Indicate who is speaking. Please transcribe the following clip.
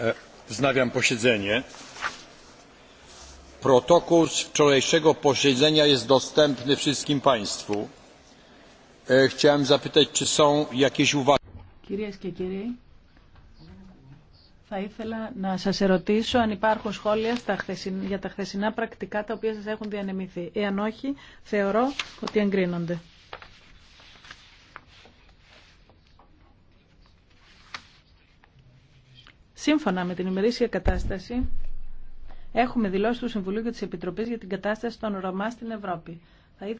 Speaker 1: E, wznawiam posiedzenie. Protokół z wczorajszego posiedzenia jest dostępny wszystkim Państwu. E, chciałem zapytać, czy są jakieś uwagi.
Speaker 2: Κυρίες και
Speaker 3: κύριοι, θα ήθελα να σας ερωτήσω αν υπάρχουν σχόλια στα χθεσιν, για τα χθεσινά πρακτικά τα οποία σας έχουν διανεμηθεί. Εάν όχι, θεωρώ ότι εγκρίνονται. Σύμφωνα με την ημερήσια κατάσταση, έχουμε δηλώσει του Συμβουλίου και τη Επιτροπή για την κατάσταση των Ρωμά στην Ευρώπη.